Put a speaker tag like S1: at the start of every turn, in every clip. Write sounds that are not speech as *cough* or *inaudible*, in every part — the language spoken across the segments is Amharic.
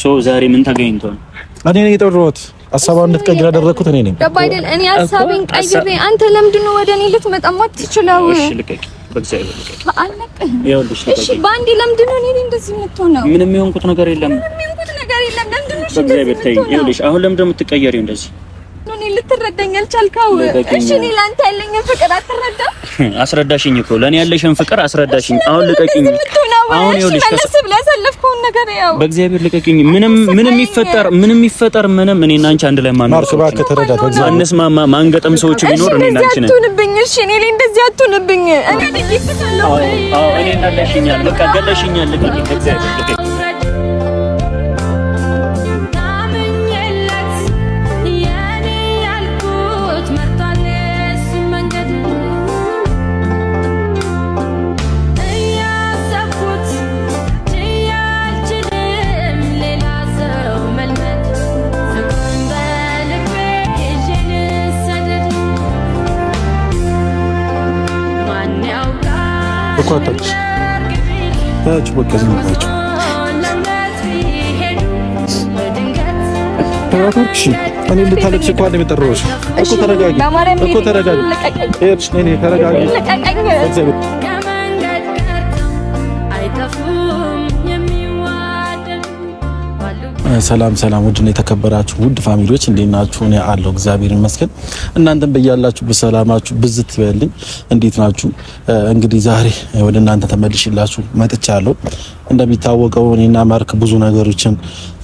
S1: ሶ ዛሬ ምን ተገኝቷል?
S2: እኔ ነኝ የጠራሁት። ሀሳቧን እንድትቀይር ያደረኩት እኔ ነኝ።
S3: ገባ አይደል? እኔ ሀሳቤን ቀይሬ አንተ ለምንድን ነው ወደ እኔ ልትመጣማ ትችለው? እሺ
S1: ልቀቂ፣ በእግዚአብሔር ልቀቂ። ይኸውልሽ
S3: ልቀቂ። እሺ በአንዴ ለምንድን ነው እኔ እንደዚህ የምትሆነው?
S1: ምንም የሆንኩት ነገር የለም፣
S3: ምንም የሆንኩት ነገር የለም። ለምንድን ነው እሺ? በእግዚአብሔር ተይኝ።
S1: ይኸውልሽ አሁን ለምንድን ነው የምትቀየሪው እንደዚህ?
S3: እኔ ልትረዳኝ አልቻልከው። እሺ እኔ ለአንተ ያለኝን ፍቅር አትረዳም?
S1: አስረዳሽኝ እኮ ለእኔ ያለሽን ፍቅር አስረዳሽኝ።
S3: አሁን ልቀቂኝ። አሁን ይኸውልሽ ነገር ያው
S1: በእግዚአብሔር ልቀቅኝ። ምንም ምንም ይፈጠር ምንም ይፈጠር ምንም እኔና አንቺ አንድ ላይ ማን ማርክ ባክ ማንገጠም ሰዎች ቢኖር እኔና አንቺ ነን።
S3: አትሁንብኝ፣ እሺ? እኔ ላይ እንደዚህ አትሁንብኝ። እኔ ልቅቅ ትላለህ።
S1: አዎ፣ እኔ እንዳለሽኛል። በቃ ገለሽኛል። ልቀቅኝ፣ በእግዚአብሔር ልቀቅኝ።
S2: እኮ አታውቅሽ። ታች በቃ ዝም እኔ ልታለቅሽ እኮ አይደል የጠራሁሽ እኮ። ተረጋጊ እኮ ተረጋጊ፣ እኔ ተረጋጊ ሰላም ሰላም፣ ውድ ነው የተከበራችሁ ውድ ፋሚሊዎች እንዴት ናችሁ? እኔ አለሁ እግዚአብሔር ይመስገን። እናንተም በያላችሁ በሰላማችሁ ብዝት በልኝ። እንዴት ናችሁ? እንግዲህ ዛሬ ወደ እናንተ ተመልሼላችሁ መጥቻለሁ። እንደሚታወቀው እኔና ማርክ ብዙ ነገሮችን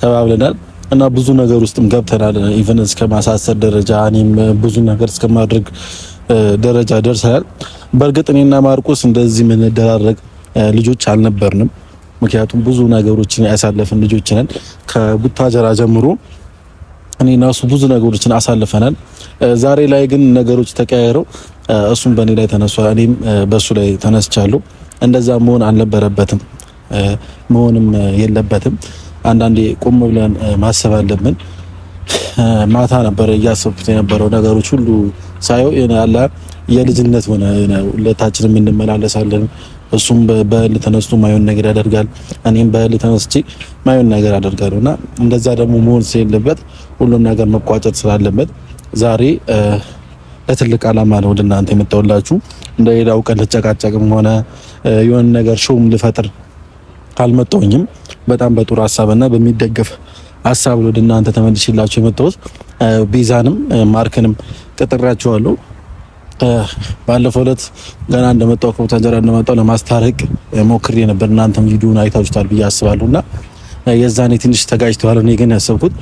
S2: ተባብለናል እና ብዙ ነገር ውስጥም ገብተናል። ኢቨን እስከ ማሳሰር ደረጃ እኔም ብዙ ነገር እስከማድረግ ደረጃ ደርሰናል። በእርግጥ እኔና ማርቆስ እንደዚህ የምንደራረግ ልጆች አልነበርንም። ምክንያቱም ብዙ ነገሮችን ያሳለፍን ልጆች ነን። ከቡታጀራ ጀምሮ እኔ እና እሱ ብዙ ነገሮችን አሳልፈናል። ዛሬ ላይ ግን ነገሮች ተቀያይረው እሱም በእኔ ላይ ተነሷል፣ እኔም በእሱ ላይ ተነስቻለሁ። እንደዛ መሆን አልነበረበትም፣ መሆንም የለበትም። አንዳንዴ ቆም ብለን ማሰብ አለብን። ማታ ነበረ እያሰብኩት የነበረው ነገሮች ሁሉ ሳየው የልጅነት ሆነ ሁለታችንም እንመላለሳለን እሱም በህል ተነስቶ ማይሆን ነገር ያደርጋል፣ እኔም በህል ተነስቼ ማይሆን ነገር አደርጋለሁ እና እንደዛ ደግሞ መሆን ስለሌለበት ሁሉም ነገር መቋጨት ስላለበት ዛሬ ለትልቅ ዓላማ ነው ወደ እናንተ የመጣሁላችሁ። እንደሌላው ቀን ልጨቃጨቅም ሆነ የሆነ ነገር ሾም ልፈጥር አልመጣሁኝም። በጣም በጥሩ ሀሳብና በሚደገፍ ሀሳብ ወደ እናንተ ተመልሼላችሁ የመጣሁት ቤዛንም ማርክንም ቀጥሬያችኋለሁ። ባለፈው ዕለት ገና እንደመጣው ከቦታ እንጀራ እንደመጣው ለማስታረቅ ሞክሬ ነበር። እናንተም ቪዲዮን አይታችሁታል ብዬ አስባለሁ እና የዛኔ ትንሽ ተጋጭተዋል። እኔ ግን ያሰብኩት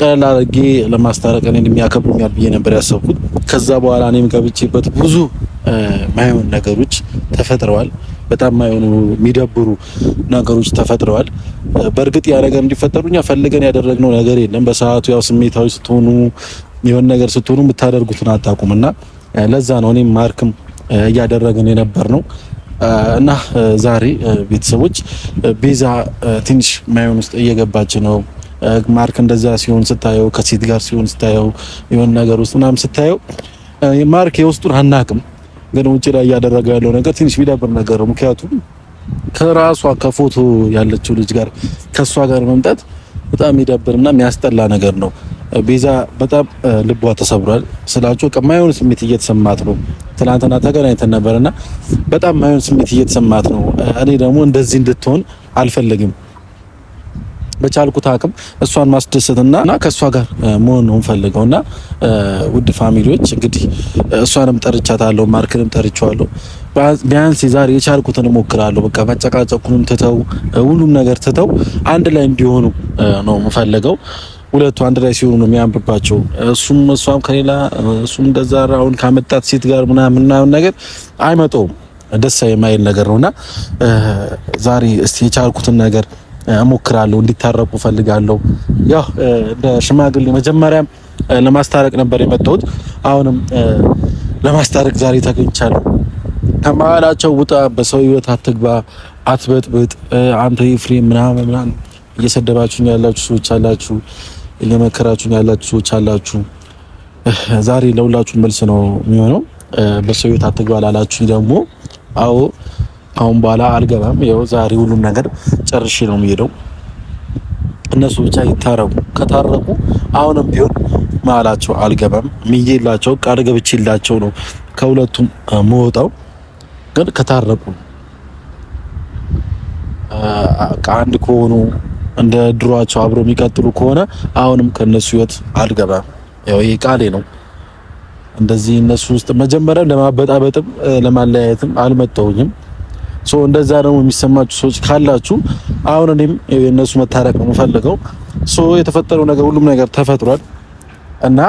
S2: ቀለል አድርጌ ለማስታረቅ እኔን የሚያከብሩኛል ብዬ ነበር ያሰብኩት። ከዛ በኋላ እኔም ገብቼበት ብዙ ማይሆን ነገሮች ተፈጥረዋል። በጣም ማይሆኑ የሚደብሩ ነገሮች ተፈጥረዋል። በእርግጥ ያ ነገር እንዲፈጠሩ እኛ ፈልገን ያደረግነው ነገር የለም። በሰዓቱ ያው ስሜታዊ ስትሆኑ የሆነ ነገር ስትሆኑ የምታደርጉትን አታውቁም እና ለዛ ነው እኔም ማርክም እያደረግን የነበር ነው እና ዛሬ ቤተሰቦች ቤዛ ትንሽ ማይሆን ውስጥ እየገባች ነው። ማርክ እንደዛ ሲሆን ስታየው፣ ከሴት ጋር ሲሆን ስታየው፣ የሆነ ነገር ውስጥ ምናምን ስታየው ማርክ የውስጡን አናቅም፣ ግን ውጭ ላይ እያደረገ ያለው ነገር ትንሽ ቢደብር ነገር ምክንያቱም ከራሷ ከፎቶ ያለችው ልጅ ጋር ከእሷ ጋር መምጣት በጣም የሚደብርና የሚያስጠላ ነገር ነው። ቤዛ በጣም ልቧ ተሰብሯል ስላችሁ ማይሆን ስሜት እየተሰማት ነው። ትናንትና ተገናኝተን ነበርና በጣም ማይሆን ስሜት እየተሰማት ነው። እኔ ደግሞ እንደዚህ እንድትሆን አልፈልግም። በቻልኩት አቅም እሷን ማስደሰትና እና ከእሷ ጋር መሆን ነው እንፈልገው እና ውድ ፋሚሊዎች እንግዲህ እሷንም ጠርቻታለሁ፣ ማርክንም ጠርቻለሁ። ቢያንስ የዛሬ የቻልኩትን እሞክራለሁ። በቃ መጨቃጨቁንም ትተው ሁሉም ነገር ትተው አንድ ላይ እንዲሆኑ ነው የምፈልገው። ሁለቱ አንድ ላይ ሲሆኑ ነው የሚያምርባቸው። እሱም እሷም ከሌላ እሱም እንደዛ አሁን ካመጣት ሴት ጋር ምናምን ነገር አይመጣውም። ደስ የማይል ነገር ነውና ዛሬ እስቲ የቻልኩትን ነገር እሞክራለሁ። እንዲታረቁ ፈልጋለሁ። ያው እንደ ሽማግሌ መጀመሪያም ለማስታረቅ ነበር የመጣሁት። አሁንም ለማስታረቅ ዛሬ ተገኝቻለሁ። ከመሀላቸው ውጣ፣ በሰው ህይወት አትግባ፣ አትበጥብጥ። አንተ ኤፍሬም ምናምን ምናምን እየሰደባችሁኝ ያላችሁ ሰዎች አላችሁ። እየመከራችሁን ያላችሁ ሰዎች አላችሁ። ዛሬ ለሁላችሁ መልስ ነው የሚሆነው። በሰው ቤት አትግባ ላላችሁ ደግሞ አዎ፣ አሁን በኋላ አልገባም። ያው ዛሬ ሁሉም ነገር ጨርሼ ነው የሚሄደው። እነሱ ብቻ ይታረቁ። ከታረቁ አሁንም ቢሆን ማላቸው አልገባም። ምዬላቸው ቃል ገብቼላቸው ነው ከሁለቱም መወጣው። ግን ከታረቁ አንድ ከሆኑ እንደ ድሯቸው አብሮ የሚቀጥሉ ከሆነ አሁንም ከነሱ ህይወት አልገባም። ያው ይሄ ቃሌ ነው። እንደዚህ እነሱ ውስጥ መጀመሪያ ለማበጣበጥም ለማለያየትም አልመጣሁኝም። ሶ እንደዛ ነው የሚሰማችሁ ሰዎች ካላችሁ አሁን እኔም የእነሱ መታረቅ ነው የምፈልገው። ሶ የተፈጠረው ነገር ሁሉም ነገር ተፈጥሯል እና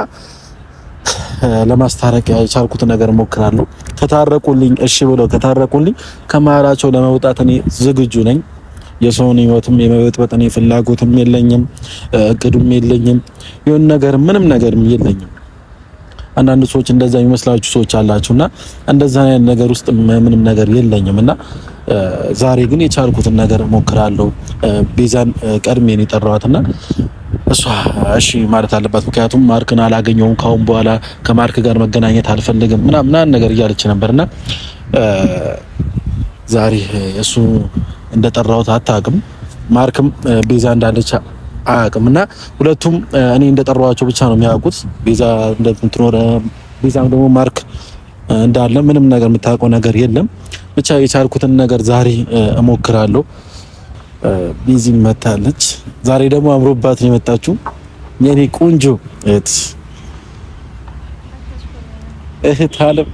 S2: ለማስታረቅ የቻልኩትን ነገር ሞክራለሁ። ከታረቁልኝ፣ እሺ ብለው ከታረቁልኝ ከመሀላቸው ለመውጣት እኔ ዝግጁ ነኝ። የሰውን ህይወትም የመበጥበጥ እኔ ፍላጎትም የለኝም፣ እቅዱም የለኝም፣ የሆነ ነገር ምንም ነገርም የለኝም። አንዳንድ ሰዎች እንደዛ የሚመስላችሁ ሰዎች አላችሁና እንደዛ አይነት ነገር ውስጥ ምንም ነገር የለኝም እና ዛሬ ግን የቻልኩትን ነገር ሞክራለሁ። ቤዛን ቀድሜ ነው የጠራዋትና እሷ እሺ ማለት አለባት። ምክንያቱም ማርክን አላገኘውም ካሁን በኋላ ከማርክ ጋር መገናኘት አልፈልግም ምናምን ነገር እያለች ነበርና ዛሬ እሱ እንደጠራሁት አታውቅም። ማርክም ቤዛ እንዳለች አያውቅም። እና ሁለቱም እኔ እንደጠራኋቸው ብቻ ነው የሚያውቁት። ቤዛ እንደምትኖር ቤዛም ደግሞ ማርክ እንዳለ ምንም ነገር የምታውቀው ነገር የለም። ብቻ የቻልኩትን ነገር ዛሬ እሞክራለሁ። ቢዚ መታለች። ዛሬ ደግሞ አምሮባት ነው የመጣችው የኔ ቆንጆ እህት እህት አለም።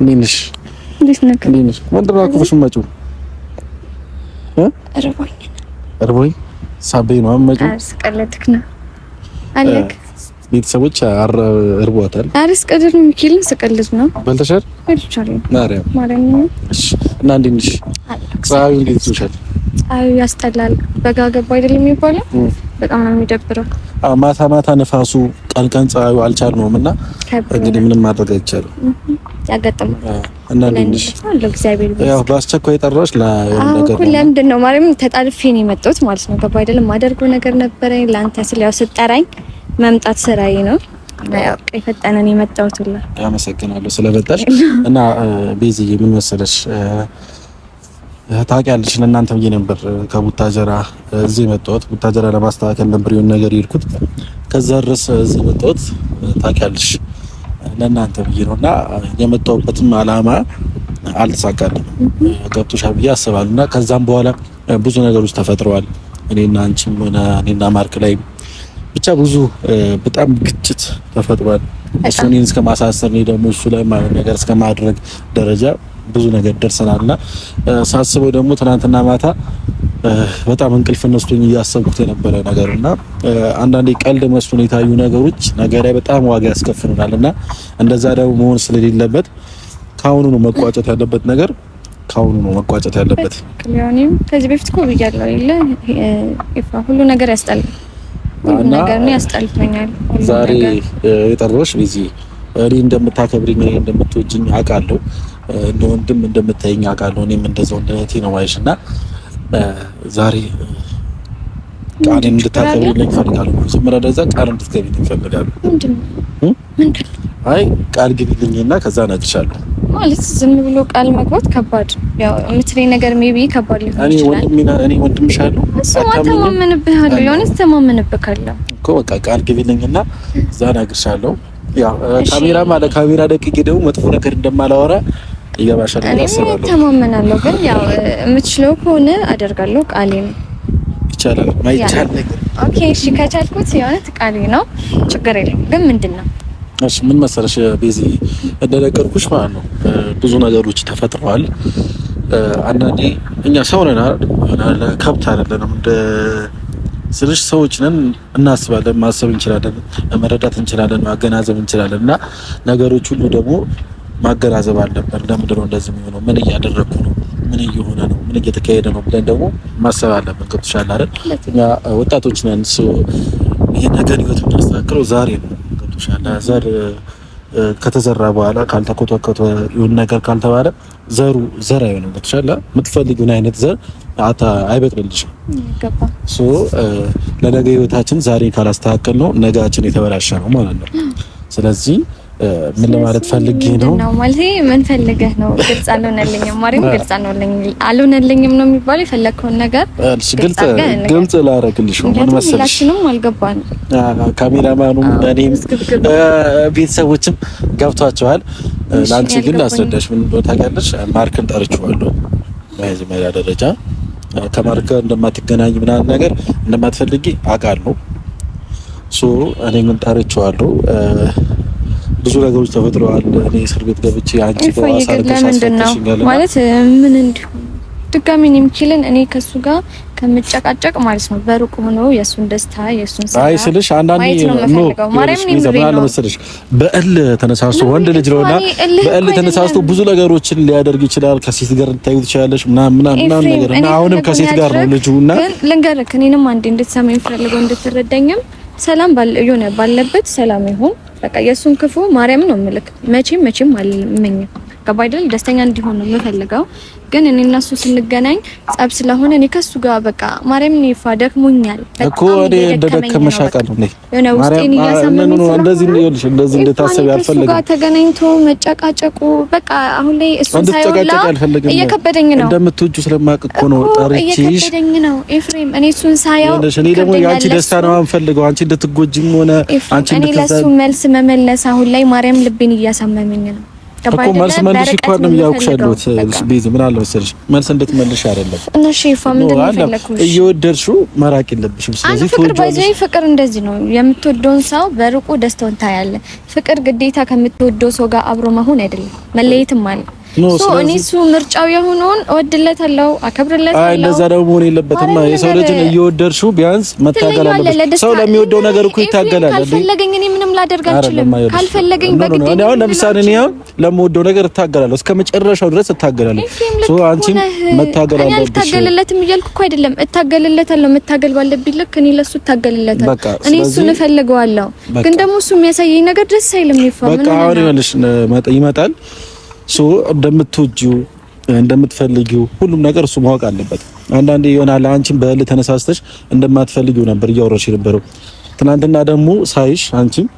S2: እንዴት ነሽ? እንዴት ነሽ? ምንድን ነው መጪው?
S3: እርቦኝ
S2: እርቦኝ ሳቤ ነው አመጪ
S3: አስቀለጥክ ነው አለክ
S2: ቤተሰቦች እርቧታል።
S3: አሪስ ቀደር ነው። ሚካኤልን ስቀልድ ነው
S2: በልተሻል? ማርያም ማርያም እና እንዴት ነሽ? ፀሐዩ እንዴት ይሻል?
S3: ፀሐዩ ያስጠላል። በጋ ገባ አይደል የሚባለው በጣም ነው የሚደብረው።
S2: ማታ ማታ ነፋሱ፣ ቀን ቀን ፀሐዩ አልቻልነውም እና እንግዲህ ምንም ማድረግ አይቻልም። ያጋጠመው እና
S3: እንዴት
S2: በአስቸኳይ ጠራሽ ነው።
S3: ለምንድን ነው ማርያም ተጣልፌ ነው የመጣሁት ማለት ነው። ገባ አይደለም ማደርገው ነገር ነበረኝ ለአንተ ስለ ያው ስጠራኝ መምጣት ስራዬ ነው። የፈጠነን የመጣሁት ሁላ
S2: አመሰግናለሁ ስለመጣሽ *laughs* እና ቤዚ ምን መሰለሽ ታውቂያለሽ ለእናንተ ብዬ ነበር ከቡታጀራ እዚህ የመጣሁት ቡታጀራ ለማስተካከል ነበር የሆነ ነገር የሄድኩት ከዛ ድረስ እዚህ የመጣሁት ታውቂያለሽ ለእናንተ ብዬ ነው እና የመጣሁበትም አላማ አልተሳካልም ገብቶሻል ብዬ አስባለሁ እና ከዛም በኋላ ብዙ ነገሮች ተፈጥረዋል እኔና አንቺም ሆነ እኔና ማርክ ላይ ብቻ ብዙ በጣም ግጭት ተፈጥሯል። እሱ እኔን እስከ ማሳሰር እኔ ደግሞ እሱ ላይ ነገር እስከ ማድረግ ደረጃ ብዙ ነገር ደርሰናልና ሳስበው ደግሞ ትናንትና ማታ በጣም እንቅልፍ ነስቶኝ እያሰብኩት የነበረ ነገር እና አንዳንዴ ቀልድ መስሎን የታዩ ነገሮች ነገ ላይ በጣም ዋጋ ያስከፍሉናል እና እንደዛ ደግሞ መሆን ስለሌለበት ከአሁኑ ነው መቋጨት ያለበት ነገር ከአሁኑ ነው መቋጨት ያለበት።
S3: ከዚህ በፊት እኮ ብያለሁ የለ ሁሉ ነገር ያስጠላል ነው ያስጠልፈኛል።
S2: ዛሬ የጠሮሽ ቢዚ እኔ እንደምታከብሪኝ እኔ አውቃለሁ። እንደ ወንድም አውቃለሁ። እኔም እንደዛው እንደ እህቴ ነው እና ዛሬ ቃል እንድታከብሪልኝ እፈልጋለሁ። መጀመሪያ ደዛ ቃል እንድትገቢ እፈልጋለሁ። ምንድን ነው አይ ቃል ግቢልኝና ከዛ ናግሻለሁ
S3: ማለት ዝም ብሎ ቃል መግባት ከባድ ያው የምትለኝ ነገር ሜቢ ከባድ
S2: ሊሆን ይችላል። እኔ ወንድምሽ አለው
S3: ተማምንብሃለሁ፣ የሆነ ተማምንብካለሁ
S2: እኮ በቃ ቃል ግቢልኝና እዛ ናግሻለሁ። ያው ካሜራ ማለት ካሜራ ደቅቄ ደግሞ መጥፎ ነገር እንደማላወራ ይገባሻል።
S3: እኔ ተማመናለሁ፣ ግን ያው የምትችለው ከሆነ አደርጋለሁ። ቃሌ ነው
S2: ይቻላል ማይቻል ነገር
S3: ኦኬ፣ እሺ ከቻልኩት የሆነ ቃሌ ነው ችግር የለም። ግን ምንድን ነው
S2: እሺ ምን መሰለሽ ቤዚ እንደነገርኩሽ ማለት ነው ብዙ ነገሮች ተፈጥረዋል። አንዳንዴ እኛ ሰው ነን አይደል? ከብት አይደለንም። እንደ ስልሽ ሰዎች ነን፣ እናስባለን፣ ማሰብ እንችላለን፣ መረዳት እንችላለን፣ ማገናዘብ እንችላለን። እና ነገሮች ሁሉ ደግሞ ማገናዘብ አለበት። ለምንድን ነው እንደዚህ የሚሆነው? ምን እያደረግኩ ነው? ምን እየሆነ ነው? ምን እየተካሄደ ነው ብለን ደግሞ ማሰብ አለብን። ገብቶሻል አይደል? እኛ ወጣቶች ነን። የነገን ህይወት የምናስተካክለው ዛሬ ነው። ገብቶሻል። ዘር ከተዘራ በኋላ ካልተኮተኮተ ይሁን ነገር ካልተባለ ዘሩ ዘር አይሆንም። ገብቶሻል። የምትፈልጊውን አይነት ዘር አታ አይበቅልልሽም። ሶ ለነገ ህይወታችን ዛሬ ካላስተካከል ነው ነገያችን የተበላሸ ነው ማለት ነው። ስለዚህ ምን ለማለት ፈልጌ ነው
S3: ነው ማለት ምን ፈልገህ ነው? ግልጽ አልሆነልኝም። ማርያም ግልጽ አልሆነልኝም ነው የሚባለው። የፈለግከውን ነገር
S2: እሺ፣ ግልጽ ግልጽ ላደርግልሽ ነው። ምን መሰለሽ
S3: ሁላችንም አልገባንም።
S2: ካሜራማኑም እኔም ቤተሰቦችም ገብቷቸዋል። ለአንቺ ግን ላስረዳሽ ምን እንደሆነ ታውቂያለሽ። ማርክን ጠርቼዋለሁ መጀመሪያ ደረጃ ከማርክ ጋር እንደማትገናኝ ምናምን ነገር እንደማትፈልጊ አውቃለሁ። ሶ እኔ ምን ጠርቼዋለሁ ብዙ ነገሮች ተፈጥረዋል። እኔ እስር ቤት ገብቼ አንቺ
S3: ማለት ምን እንዲሁ ድጋሚ እኔ የሚችልን እኔ ከሱ ጋር ከምጨቃጨቅ ማለት ነው በሩቅ ሆኖ የሱን ደስታ
S2: አይ ስልሽ አንዳንዴ መሰለሽ በእል ተነሳስቶ ወንድ ልጅ ነውና በእል ተነሳስቶ ብዙ ነገሮችን ሊያደርግ ይችላል። ከሴት ጋር ልታዩ ትችላለሽ ምናምን ምናምን ነገር እና አሁንም ከሴት ጋር ነው ልጁ እና
S3: ልንገርህ እኔንም አንዴ እንድትሰማኝ እንድትረዳኝም ሰላም ባለ የሆነ ባለበት ሰላም ይሁን በቃ የእሱን ክፉ ማርያም ነው ምልክ መቼም መቼም አልመኝም። ገባ አይደል? ደስተኛ እንዲሆን ነው የምፈልገው። ግን እኔ እነሱ ስንገናኝ ጸብ ስለሆነ እኔ ከሱ ጋር በቃ ማርያም ነው ይፋ ደክሞኛል
S2: እኮ እኔ እንደደከመሽ አውቃለሁ። እኔ ማርያም ውስጤን ነው እንደዚህ ነው እንደዚህ እንደዚህ እንደታሰብ ያልፈልግ ጋር
S3: ተገናኝቶ መጨቃጨቁ በቃ አሁን ላይ እሱ ሳይውላ እየከበደኝ ነው።
S2: እንደምትወጁ ስለማውቅ እኮ ነው ጠርቼሽ
S3: ነው ኤፍሬም። እኔ እሱን ሳያው
S2: እኔ ደግሞ የአንቺ ደስታ ነው የምፈልገው። አንቺ እንድትጎጂም ሆነ አንቺ እንድትከፋ እኔ ለሱ መልስ መመለስ አሁን ላይ ማርያም ልቤን እያሳመመኝ ነው። እኮ መልስ መልሽ እኮ አይደለም እያልኩሽ ያለሁት ቤዛ፣ ምን አለ መሰለሽ መልስ እንድትመልሽ አይደለም እየወደድሽው መራቅ የለብሽም። ስለዚህ ፍቅር ባይዘይ ፍቅር እንደዚህ ነው። የምትወደውን ሰው በርቁ ደስታውን ታያለ። ፍቅር ግዴታ ከምትወደው ሰው ጋር አብሮ መሆን አይደለም፣ መለየትም አለ እኔ እሱ ምርጫው የሆነውን እወድለታለሁ፣ አከብርለታለሁ። አይ እንደዛ ደግሞ መሆን የለበትም። የሰው ልጅ እየወደድሽው ቢያንስ መታገል አለበት። ሰው ለሚወደው ነገር እኮ ይታገላል። ካልፈለገኝ እኔ ምንም ላደርግ አልችልም። ካልፈለገኝ በግድ እኔ አሁን ለምሳሌ እኔ አሁን ለምወደው ነገር እታገላለሁ፣ እስከ መጨረሻው ድረስ እታገላለሁ። ሶ አንቺም መታገል አለብሽ። አልታገልለትም እያልኩ እኮ አይደለም፣ እታገልለታለሁ። መታገል ባለብኝ ልክ እኔ ለሱ እታገልለታለሁ። እኔ እሱን እፈልገዋለሁ፣ ግን ደግሞ እሱ የሚያሳየኝ ነገር ደስ አይልም። ይፋ ምን ነው በቃ አሁን ይመጣል እንደምትወጁ እንደምትፈልጊው ሁሉም ነገር እሱ ማወቅ አለበት። አንዳንዴ ይሆናል አንቺን በእል ተነሳስተሽ እንደማትፈልጊው ነበር እያወራሽ የነበረው። ትናንትና ደግሞ ሳይሽ አንቺም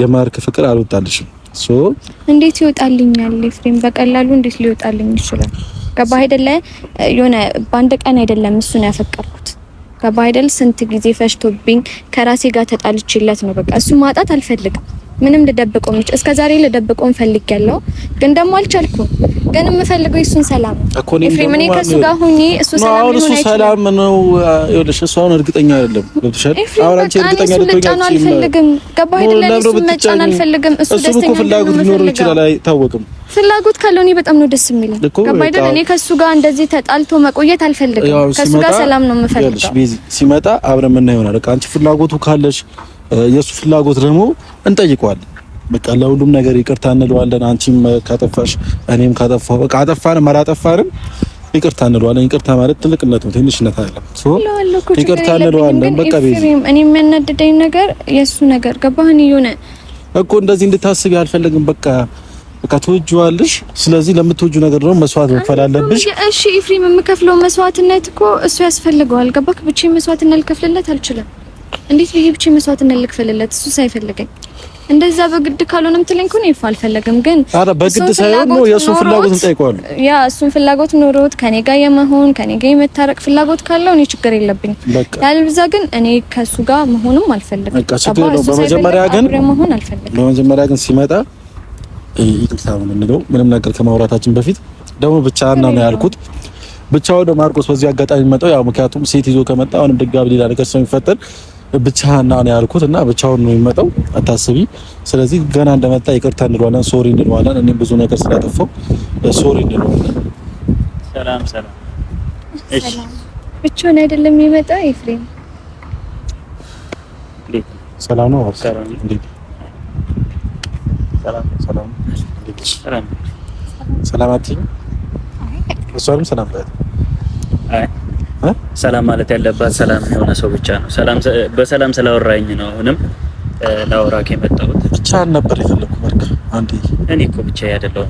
S2: የማርክ ፍቅር አልወጣልሽም። ሶ እንዴት ይወጣልኛል ፍሬም በቀላሉ እንዴት ሊወጣልኝ ይችላል? ገባ አይደለ? የሆነ በአንድ ቀን አይደለም እሱን ያፈቀርኩት። ገባ አይደል? ስንት ጊዜ ፈሽቶብኝ ከራሴ ጋር ተጣልችለት ነው። በቃ እሱ ማጣት አልፈልግም። ምንም ልደብቀው ምጭ እስከ ዛሬ ልደብቀው ፈልግ ያለው ግን ደግሞ አልቻልኩም። ግን የምፈልገው እሱን ሰላም እኮ ነው። ኤፍሬም እኔ ከሱ ጋር ሆኜ እሱ ሰላም ነው። እሱ ሰላም ነው። ይኸውልሽ እሱ አሁን እርግጠኛ አይደለም። ገብቶሻል? አሁን አንቺ እርግጠኛ ልትሆን አልፈልግም። ገባ አይደለ? እሱ መጫን አልፈልግም። እሱ ደስተኛ ነው። ፍላጎት ሊኖረው ይችላል፣ አይታወቅም። ፍላጎት ካለው እኔ በጣም ነው ደስ የሚለኝ። ገባ አይደለ? እኔ ከሱ ጋር እንደዚህ ተጣልቶ መቆየት አልፈልግም። ከሱ ጋር ሰላም ነው የምፈልገው። ሲመጣ አብረን ምን ይሆናል? አንቺ ፍላጎቱ ካለሽ የእሱ ፍላጎት ደግሞ እንጠይቀዋለን። በቃ ለሁሉም ነገር ይቅርታ እንለዋለን። አንቺም ካጠፋሽ፣ እኔም ካጠፋሁ፣ በቃ አጠፋንም አላጠፋንም ይቅርታ እንለዋለን። ይቅርታ ማለት ትልቅነት ነው፣ ትንሽነት አይደለም። ይቅርታ እንለዋለን። በቃ ቤዛ እኔ የሚያናድደኝ ነገር የእሱ ነገር ገባህን? የሆነ እኮ እንደዚህ እንድታስብ አልፈልግም። በቃ በቃ ትወጂዋለሽ። ስለዚህ ለምትወጁ ነገር ደግሞ መስዋዕት መክፈል አለብሽ። እሺ ኢፍሪም፣ የምከፍለው መስዋዕትነት እኮ እሱ ያስፈልገዋል። ገባክ? ብቻዬን መስዋዕትነት ልከፍልለት አልችልም። እንዴት ብዬ ብቻ መስዋዕትነት ልክፈልለት? እሱ ሳይፈልገኝ እንደዛ በግድ ካልሆነም ምትለኝ ከሆነ ይፋ አልፈለግም። ግን አረ በግድ ሳይሆን ነው የሱ ፍላጎት እንጠይቀዋለን። ያ እሱን ፍላጎት ኖሮት ከኔ ጋር የመሆን ከኔ ጋር የመታረቅ ፍላጎት ካለው እኔ ችግር የለብኝ። ያልብዛ ግን እኔ ከሱ ጋር መሆንም አልፈለግም። በቃ ችግር ነው። በመጀመሪያ ግን መሆን አልፈለግም። በመጀመሪያ ግን ሲመጣ ይቅርታ እንለው። ምንም ነገር ከማውራታችን በፊት ደግሞ ብቻ እና ነው ያልኩት ብቻ ወደ ማርቆስ በዚህ አጋጣሚ መጣው። ያው ምክንያቱም ሴት ይዞ ከመጣ አሁንም ድጋሚ ሌላ ነገር ስለሚፈጠር ብቻህን ና ነው ያልኩት እና ብቻውን ነው የሚመጣው፣ አታስቢ። ስለዚህ ገና እንደመጣ ይቅርታ እንለዋለን፣ ሶሪ እንለዋለን። እኔም ብዙ ነገር ስላጠፋው ሶሪ እንለዋለን። ሰላም ሰላም። እሺ ብቻውን አይደለም የሚመጣው ኤፍሬም። ሰላም ነው። ሰላም ሰላም ሰላም ሰላም። አትይም? እሷንም ሰላም በያት። አይ ሰላም ማለት ያለባት ሰላም የሆነ ሰው ብቻ ነው። ሰላም በሰላም ስላወራኝ ነው አሁንም ላወራክ የመጣሁት። ብቻ ነበር የፈለኩ ማርክ? አንዴ እኔ እኮ ብቻ ያደለው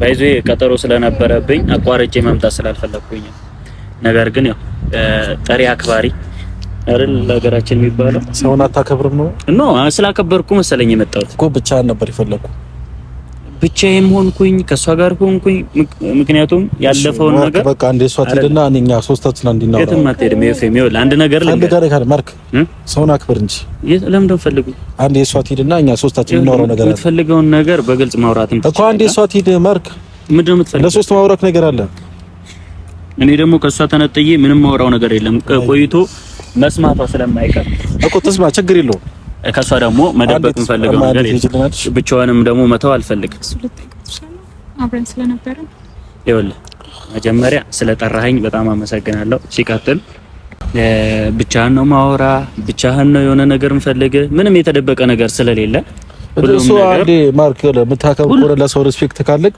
S2: ባይዞ ቀጠሮ ስለነበረብኝ አቋርጬ መምጣት ስላልፈለኩኝ ነገር ግን ያው ጠሪ አክባሪ አይደል ለሀገራችን የሚባለው ሰውን አታከብርም ነው? ኖ ስላከበርኩ መሰለኝ የመጣሁት እኮ ብቻ ነበር የፈለኩ ብቻዬም ሆንኩኝ ከእሷ ጋር ሆንኩኝ። ምክንያቱም ያለፈውን ነገር በቃ እንደ እሷ ትሄድና እኛ ሶስታችን አንድ እናወራ። የትም አትሄድም። ኤፍሬም ይኸውልህ አንድ ነገር ላይ አንድ ጋር ካለ ማርክ ሰውን አክብር እንጂ ለምንድን ፈልጉ። አንድ እሷ ትሄድና እኛ ሶስታችን እናወራው ነገር አለ። የምትፈልገውን ነገር በግልጽ ማውራትም እኮ አንድ እሷ ትሄድ ማርክ። ምንድን ነው የምትፈልገው? ለሶስት ማውራት ነገር አለ። እኔ ደግሞ ከእሷ ተነጥዬ ምንም ማውራው ነገር የለም። ቆይቶ መስማቷ ስለማይቀር እኮ ትስማ፣ ችግር የለውም ከእሷ ደግሞ መደበቅ የምፈልገው ነገር የለም። ብቻዋንም ደግሞ መተው አልፈልግም። አብረን ስለነበረ ይኸውልህ መጀመሪያ ስለጠራኸኝ በጣም አመሰግናለሁ። ሲቀጥል ብቻህን ነው ማወራ፣ ብቻህን ነው የሆነ ነገር ምፈልግ፣ ምንም የተደበቀ ነገር ስለሌለ እሱ አንዴ ማርክ ኮረ ለሰው ሪስፔክት ካለክ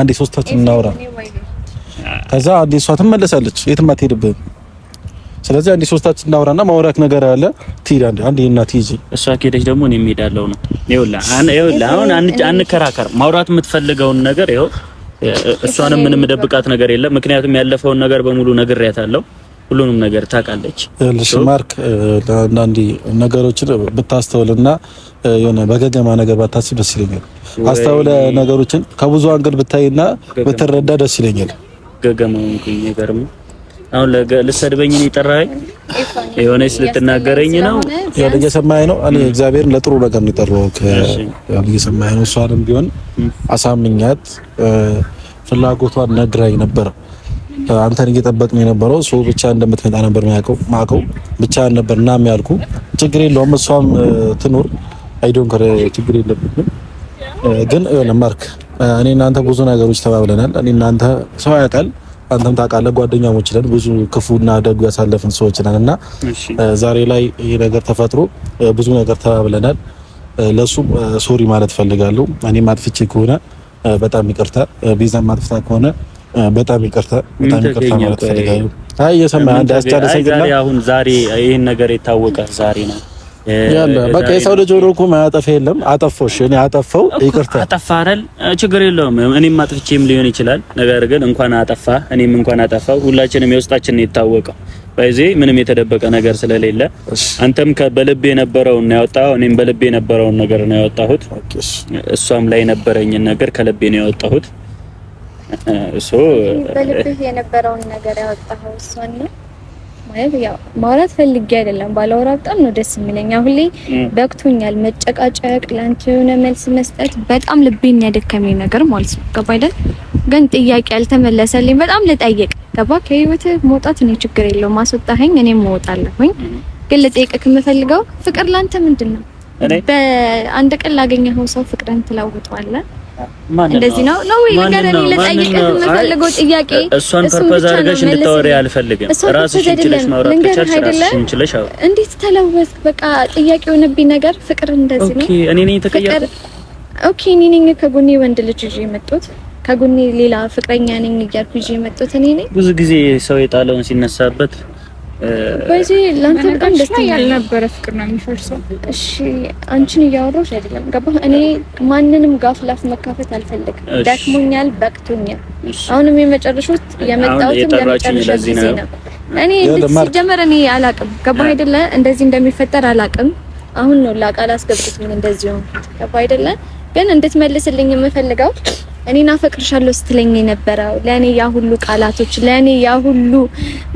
S2: አንዴ ሶስታችን እናውራ፣ ከዛ አንዴ እሷ ትመለሳለች፣ የትም አትሄድብህም ስለዚህ አንዴ ሶስታችን እናውራና ማውራት ነገር አለ። ትሄድ አንዴ አንዴ እና ትይጂ እሷ ከሄደች ደግሞ እኔ የምሄዳለሁ ነው። ይኸውልህ ይኸውልህ አሁን አንከራከር። ማውራት የምትፈልገውን ነገር ይኸው እሷንም ምንም ደብቃት ነገር የለም። ምክንያቱም ያለፈውን ነገር በሙሉ ነግሬያታለሁ። ሁሉንም ነገር ታውቃለች። ልሽ ማርክ አንዳንድ ነገሮችን ብታስተውልና የሆነ በገገማ ነገር ባታስብ ደስ ይለኛል። አስተውለ ነገሮችን ከብዙ አንግል ብታይና ብትረዳ ደስ ይለኛል። ገገማውን ነገርም አሁን ልሰድበኝ ነው የጠራኸኝ? የሆነች ልትናገረኝ ነው? እየሰማኸኝ ነው? እኔ እግዚአብሔርን ለጥሩ ነገር ነው የጠራሁት። እየሰማኸኝ ነው? እሷንም ቢሆን አሳምኛት ፍላጎቷን ነግራኝ ነበር። አንተን እየጠበቅን የነበረው ሰው ብቻ እንደምትመጣ ነበር ማያውቀው ማውቀው ብቻ ነበር እና የሚያልኩ ችግር የለውም እሷም ትኑር አይዶን ከረ ችግር የለብንም። ግን ለማርክ ማርክ እኔ እናንተ ብዙ ነገሮች ተባብለናል። እኔ እናንተ ሰው ያውቃል አንተም ታውቃለህ፣ ጓደኛሞች ነን፣ ብዙ ክፉና ደጉ ያሳለፍን ሰዎች ነን እና ዛሬ ላይ ይሄ ነገር ተፈጥሮ ብዙ ነገር ተባብለናል። ለሱም ሶሪ ማለት ፈልጋለሁ። እኔም ማጥፍቼ ከሆነ በጣም ይቅርታ፣ ቤዛም ማጥፍታ ከሆነ በጣም ይቅርታ፣ በጣም ይቅርታ ማለት ፈልጋለሁ። አይ የሰማ አንድ አስጨረሰኝና አሁን ዛሬ ይሄን ነገር የታወቀ ዛሬ ነው ያለ በቃ የሰው ልጅ ሆኖ እኮ ማያጠፋ የለም። አጠፋው፣ እኔ አጠፋው፣ ይቅርታ አጠፋ አይደል? ችግር የለውም። እኔም አጥፍቼም ሊሆን ይችላል። ነገር ግን እንኳን አጠፋ፣ እኔም እንኳን አጠፋው ሁላችንም የውስጣችን ነው የታወቀው። በዚህ ምንም የተደበቀ ነገር ስለሌለ አንተም በልብ የነበረውን ነው ያወጣው፣ እኔም በልብ የነበረውን ነገር ነው ያወጣሁት። እሷም ላይ የነበረኝን ነገር ከልቤ ነው ያወጣሁት። እሱ በልብህ የነበረውን ነገር ያወጣው እሷን ነው ማለት ያው ማውራት ፈልጌ አይደለም፣ ባላወራ በጣም ነው ደስ የሚለኝ። አሁን ላይ በቅቶኛል መጨቃጨቅ፣ ለአንተ የሆነ መልስ መስጠት በጣም ልቤን ያደከመኝ ነገር ማለት ነው። ገባ አይደል? ግን ጥያቄ አልተመለሰልኝ። በጣም ልጠይቅ ገባ። ከህይወት መውጣት ነው ችግር የለው ማስወጣኸኝ፣ እኔም እወጣለሁኝ። ግን ልጠይቅህ የምፈልገው ፍቅር ለአንተ ምንድን ነው? በአንድ ቀን ላገኘኸው ሰው ፍቅርን ትለውጠዋለህ እንደዚህ ነው ነው ይገረኝ። ልጠይቅህ የምፈልገው ጥያቄ እሷን ፐርፖዝ አድርገሽ እንድታወሪ አልፈልግም። ራስሽ እንችለሽ ማውራት ከቻልሽ እንዴት ተለወስክ? በቃ ጥያቄ የሆነብኝ ነገር ፍቅር እንደዚህ ነው። እኔ ነኝ ተቀየርኩ። ኦኬ እኔ ነኝ ከጎኔ ወንድ ልጅ ይዤ የመጡት ከጎኔ ሌላ ፍቅረኛ ነኝ እያልኩ ይዤ የመጡት እኔ ነኝ። ብዙ ጊዜ ሰው የጣለውን ሲነሳበት በዚህ ለአንተ በጣም ደስተኛ ያልነበረ ፍቅር ነው የሚፈርሰው። እሺ አንቺን እያወራሁሽ አይደለም፣ ገባህ? እኔ ማንንም ጋፍ ላፍ መካፈት አልፈልግም። ደክሞኛል፣ በቅቶኛል። አሁንም የመጨረሹት የመጣሁትም ለመጨረሻ ጊዜ ነው። እኔ ሲጀመር እኔ አላቅም፣ ገባህ አይደለ? እንደዚህ እንደሚፈጠር አላቅም። አሁን ነው ላቃል አስገብቶኝ እንደዚህ ሆነ፣ ገባህ አይደለ? ግን እንድትመልስልኝ የምፈልገው እኔ ናፈቅርሻለሁ ስትለኝ የነበረው ለኔ ያ ሁሉ ቃላቶች ለኔ ያ ሁሉ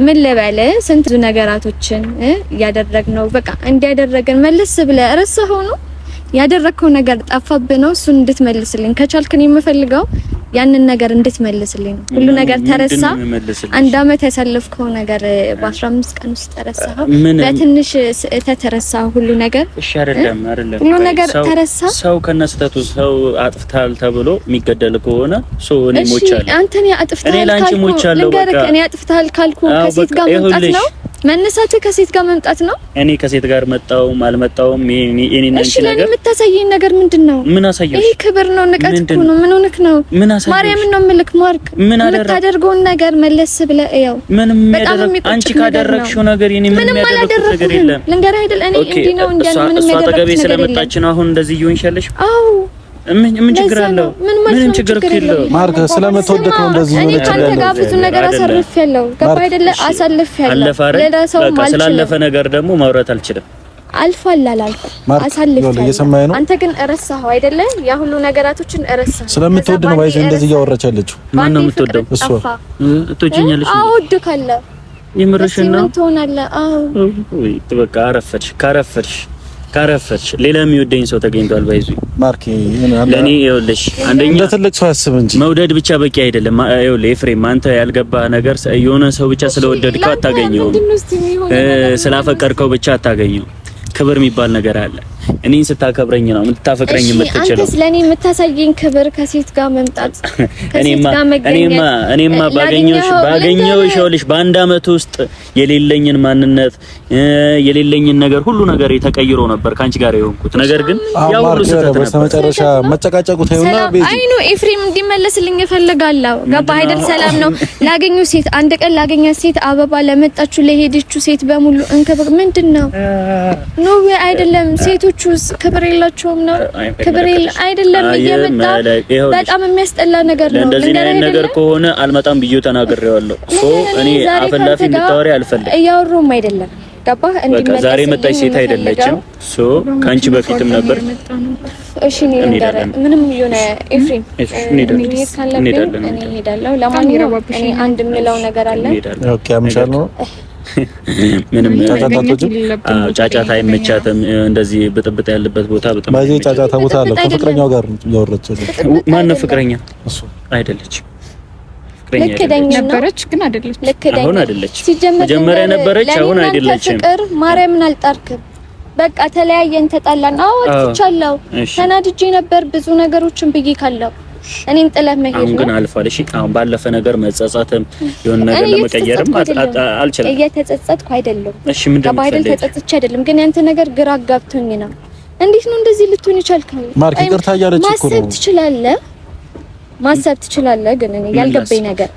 S2: ምን ልበል ስንት ነገራቶችን ነው። በቃ እንዲያደረገን መልስ ብለ ረሳ ሆኖ ያደረግከው ነገር ጠፋብህ ነው። እሱን እንድትመልስልኝ ከቻልክን የምፈልገው ያንን ነገር እንድትመልስልኝ ነው። ሁሉ ነገር ተረሳ። አንድ አመት ያሳለፍከው ነገር በ15 ቀን ውስጥ ተረሳው። በትንሽ ስህተት ተረሳ ሁሉ ነገር። እሺ፣ አይደለም አይደለም፣ ሁሉ ነገር ተረሳ። ሰው ከነስተቱ ሰው አጥፍታል ተብሎ የሚገደል ከሆነ ሰው እኔ ሞቻለሁ፣ አንተ ነህ አጥፍታል ካልኩ ልንገርህ፣ እኔ አጥፍታል ካልኩ ከሴት ጋር መምጣት ነው መነሳት ከሴት ጋር መምጣት ነው። እኔ ከሴት ጋር መጣሁም አልመጣሁም እኔ እኔ ነኝ። እሺ ለኔ የምታሳየኝ ነገር ምንድነው? ምን አሳየሽ? ይሄ ክብር ነው? ንቀት እኮ ነው። ምን ሆነክ ነው? ማርያም ነው ምልክ ማርክ ምን የምታደርገውን ነገር መለስ ብለህ ያው ምንም ያደረግ አንቺ ካደረግሽው ነገር እኔ ምን ያደረግኩት ነገር የለም። ልንገርህ አይደል እኔ እንዲህ ነው እንዲያ ምንም ያደረግኩት ነገር የለም። እሷ አጠገቤ ስለመጣች ነው አሁን እንደዚህ ይሆንሻለሽ። አዎ ምን ችግር አለው? ምንም ችግር የለው። ማርክ ስለምትወደቅ ነው እንደዚህ ሆነ። ስላለፈ ነገር ደግሞ ማውራት አልችልም። አልፏል አላልኩም፣ አሳልፌያለሁ። አንተ ግን እረሳኸው አይደለ? ያ ሁሉ ነገራቶችን እረሳኸው። ስለምትወድ ነው ባይዘ እንደዚህ እያወራች ያለችው። ማን ነው የምትወደው? እሷ እትወጂኛለሽ? አወድካለሁ። ይምርሽና ትሆናለህ። አዎ ወይ በቃ አረፈድሽ። ካረፈድሽ ካረፈች ሌላ የሚወደኝ ሰው ተገኝቷል። ባይዙ ማርኬ ለኔ ይኸውልሽ፣ አንደኛ ለትልቅ ሰው ያስብ እንጂ መውደድ ብቻ በቂ አይደለም። ይኸውልህ ኤፍሬም፣ አንተ ያልገባ ነገር የሆነ ሰው ብቻ ስለወደድከው አታገኘውም፣ ስላፈቀርከው ብቻ አታገኘውም። ክብር የሚባል ነገር አለ። እኔን ስታከብረኝ ነው የምታፈቅረኝ የምትችለው። አንተስ ለኔ የምታሳየኝ ክብር ከሴት ጋር መምጣት እኔማ እኔማ እኔማ ባገኘሁሽ ባገኘሁሽ ይኸውልሽ በአንድ አመት ውስጥ የሌለኝን ማንነት የሌለኝን ነገር ሁሉ ነገር የተቀይሮ ነበር ከአንቺ ጋር የሆንኩት። ነገር ግን ያው ሁሉ ስህተት ነበር። በመጨረሻ መጨቃጨቁ ታዩና ቤት አይኑ ኤፍሬም እንዲመለስልኝ እፈልጋለሁ። ገባ አይደል? ሰላም ነው ላገኙ ሴት አንድ ቀን ላገኛ ሴት አበባ ለመጣችሁ ለሄደችሁ ሴት በሙሉ እንከብር ምንድን ነው? ኖ አይደለም ሴቶች ሴቶቹስ ክብር የላቸውም ነው? ክብር አይደለም እየመጣ በጣም የሚያስጠላ ነገር ነው። እንደዚህ አይነት ነገር ከሆነ አልመጣም ብዬ ተናግሬዋለሁ። ሶ እኔ አፈላፊ እንድታወሪ አልፈልግም። እያወሩም አይደለም ገባህ? እንዲመጣ ዛሬ መጣች ሴት አይደለችም። ሶ ካንቺ በፊትም ነበር። እሺ ምንም የሆነ ኤፍሬም እኔ ለማንኛውም እኔ አንድ የምለው ነገር አለ። ኦኬ አምሻለሁ *laughs* ምንም ጫጫታ አይመቻትም። እንደዚህ ብጥብጥ ያለበት ቦታ በጣም ባይዚ ጫጫታ ቦታ አለ። ከፍቅረኛው ጋር ማን ነው? ፍቅረኛ አይደለች። ልክደኝ ነበረች ግን አይደለች። ልክደኝ አሁን አይደለች። መጀመሪያ ነበረች አሁን አይደለችም። ፍቅር ማርያምን አልጣርክም። በቃ ተለያየን፣ ተጣላን። አዎ አጥፍቻለሁ፣ ተናድጄ ነበር ብዙ ነገሮችን ብዬ ካለው እኔን ጥለህ መሄድ አሁን ግን አልፏል። እሺ አሁን ባለፈ ነገር መጸጸትም የሆነ ነገር ለመቀየርም አልችልም። እየተጸጸትኩ አይደለም። እሺ ምንድን ነው ባይደል ተጸጽቼ አይደለም፣ ግን ያንተ ነገር ግራ አጋብቶኝ ነው። እንዴት ነው እንደዚህ ልትሆን ይቻልከው? ማርክ ይቅርታ እያለች እኮ ነው። ማሰብ ትችላለህ ማሰብ ትችላለህ፣ ግን እኔ ያልገባኝ ነገር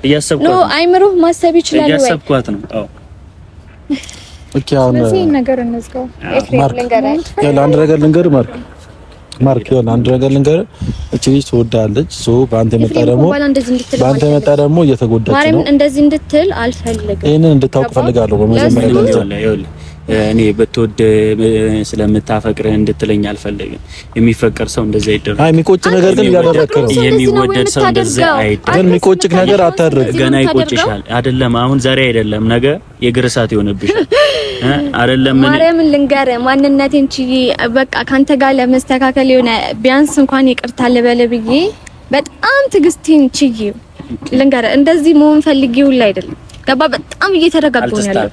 S2: ነው። አይምሮህ ማሰብ ይችላል ወይ? እያሰብኳት ነው። አዎ ኦኬ። አሁን ነገር እንዝጋው። ማርክ ያለ አንድ ነገር ልንገርህ ማርክ ማርክ የሆነ አንድ ነገር ልንገርህ፣ እቺ ልጅ ትወዳለች። ሶ በአንተ የመጣ ደግሞ በአንተ የመጣ ደግሞ እየተጎዳች ነው። እንደዚህ እንድትል አልፈልግም። ይሄንን እንድታውቅ ፈልጋለሁ። በመጀመሪያ እኔ ብትወድ ስለምታፈቅርህ እንድትለኝ አልፈለግም። የሚፈቀር ሰው እንደዛ አይደለም። አይ የሚቆጭ ነገር ግን ያደረከው ነው። የሚወደድ ሰው እንደዛ አይደለም። ግን የሚቆጭ ነገር አታደርግ። ገና ይቆጭሻል። አይደለም አሁን ዛሬ አይደለም ነገ የእግር እሳት ይሆንብሻል። አይደለም ማርያምን ልንገርህ፣ ማንነቴን ችዬ በቃ ካንተ ጋር ለመስተካከል የሆነ ቢያንስ እንኳን ይቅርታ ልበል ብዬ በጣም ትዕግስቴን ችዬ ልንገርህ፣ እንደዚህ መሆን ፈልጌ ሁላ አይደለም ገባ። በጣም እየተረጋጋሁ ነው ያለው።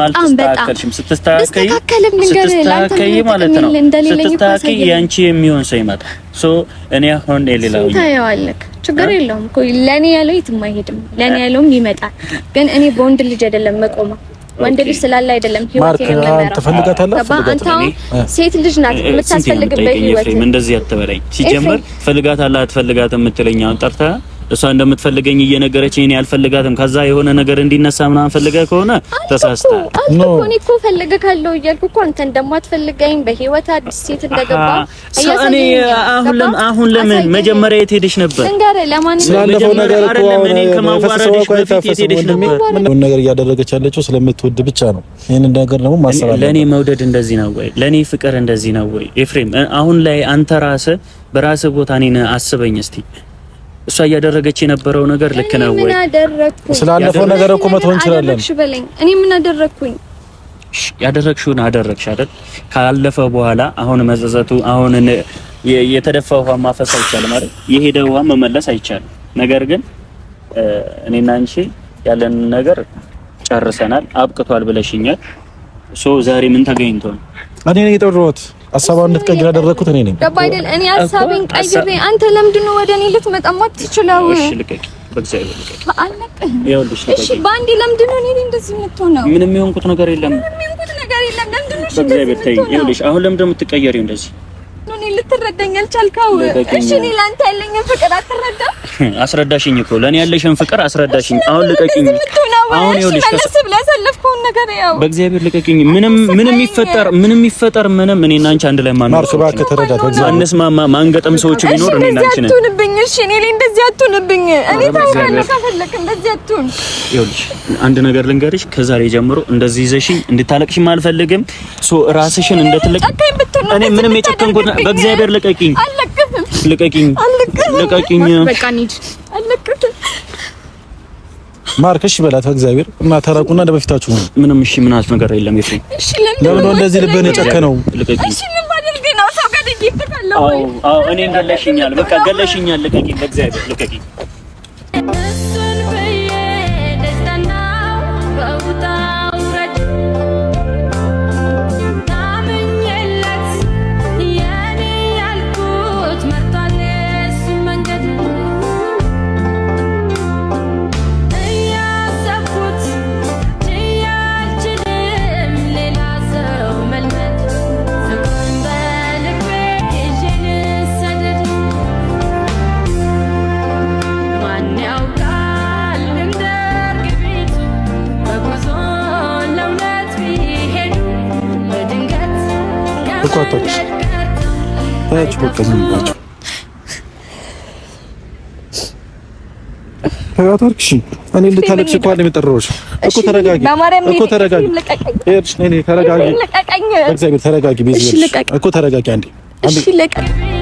S2: በጣም በጣም ስትስተካከልም ንገር ላንተ ማለት ነው ስትስተካከል ያንቺ የሚሆን ሰው ይመጣል። ሶ እኔ አሁን የሌላው ታየዋለክ ችግር የለውም እኮ ለኔ ያለው የትም አይሄድም። ለኔ ያለውም ይመጣል። ግን እኔ በወንድ ልጅ አይደለም መቆማ ወንድ ልጅ ስላለ አይደለም ህይወት ተፈልጋታለህ አንተ አሁን ሴት ልጅ ናት የምታስፈልግበት ህይወት። እንደዚህ አትበለኝ። ሲጀምር ፈልጋታለህ አትፈልጋትም የምትለኝ አሁን ጠርተህ እሷ እንደምትፈልገኝ እየነገረች እኔ አልፈልጋትም፣ ከዛ የሆነ ነገር እንዲነሳ ምናምን ፈልገ ከሆነ ተሳስተ አንተ እኮ እኔ እኮ እያልኩ እኮ አንተ እንደማትፈልገኝ በህይወት አዲስ ሴት እንደገባ እኔ አሁን ለምን አሁን ለምን መጀመሪያ የት ሄደሽ ነበር? እንግዲህ ለማንኛውም ነገር እኮ እኔን ከማዋረድሽ በፊት የት ነበር? ምን ነገር እያደረገች ያለችው ስለምትወድ ብቻ ነው። ይሄን ነገር ደግሞ ማሰራ ለኔ መውደድ እንደዚህ ነው ወይ? ለኔ ፍቅር እንደዚህ ነው ወይ? ኤፍሬም አሁን ላይ አንተ ራስህ በራስህ ቦታ እኔን አስበኝ እስቲ እሷ እያደረገች የነበረው ነገር ልክ ነው ወይ? ስላለፈው ነገር እኮ መተው እንችላለን። እሺ በለኝ። እኔ ምን አደረግኩኝ? ያደረግሽውን አደረግሽ አይደል? ካለፈ በኋላ አሁን መዘዘቱ አሁን የተደፋ ውሃ ማፈስ አይቻልም አይደል? የሄደ ውሃ መመለስ አይቻልም። ነገር ግን እኔና አንቺ ያለን ነገር ጨርሰናል፣ አብቅቷል ብለሽኛል። ሶ ዛሬ ምን ተገኝቶ ነው እኔ ሀሳቧን እንድትቀይር ያደረኩት እኔ ነኝ። ገባ አይደል? እኔ ሀሳቤን ቀይሬ አንተ ለምንድን ነው ወደ እኔ ልትመጣማ ትችላው? እሺ ልቀቂ፣ በእግዚአብሔር ልቀቂ። አልነቅህም። ይኸውልሽ፣ እሺ በአንዴ ለምንድን ነው እኔ እንደዚህ የምትሆነው? ምንም የሆንኩት ነገር የለም። ምንም የሆንኩት ነገር የለም። ለምንድን ነው እሺ? በእግዚአብሔር ተይኝ። ይኸውልሽ፣ አሁን ለምንድን ነው የምትቀየሪው እንደዚህ ነው እኔ ልትረዳኝ አልቻልከው። እሺ እኔ ላንተ ያለኝን ፍቅር አትረዳም። አስረዳሽኝ እኮ ለኔ ያለሽን ፍቅር አስረዳሽኝ። አሁን ልቀቂኝ። አሁን ይኸውልሽ ያሳለፍከውን ነገር ያው በእግዚአብሔር ልቀቂኝ። ምንም ምንም ይፈጠር ምንም ይፈጠር ምንም እኔ አንቺ አንድ ላይ ማን ማርሱ እባክህ ተረዳት። አንስማማ ማንገጠም ሰዎች ቢኖር እኔ አንቺ ነን። አትሁንብኝ። እሺ እኔ ላይ እንደዚህ አትሁንብኝ። እኔ ታውቃለህ ከፈለክ እንደዚህ አትሁን። ይኸውልሽ አንድ ነገር ልንገርሽ፣ ከዛሬ ጀምሮ እንደዚህ ይዘሽኝ እንድታለቅሽም አልፈልግም። ሶ ራስሽን እንደትልቅ እኔ ምንም የጨከንኩት በእግዚአብሔር ልቀቂኝ፣ ልቀቂኝ፣ ልቀቂኝ። ማርከሽ በላት በእግዚአብሔር እና ተራቁና ለበፊታችሁ ነው። ምንም እሺ፣ ምን ነገር የለም። እሺ ለምን እንደዚህ ልብህን የጨከነው? ልቀቂኝ። እኔን ገለሽኛል፣ በቃ ገለሽኛል። ልቀቂኝ፣ በእግዚአብሔር ልቀቂኝ። ተዋጣች ታያችሁ። በቃ ዝም ብላችሁ አታርክሽ። እኔ ልታለቅሽ እኮ አለ የጠራሁሽ እኮ። ተረጋጊ እኮ ተረጋጊ። እሺ ተረጋጊ፣ ተረጋጊ። እሺ ልቀቀኝ።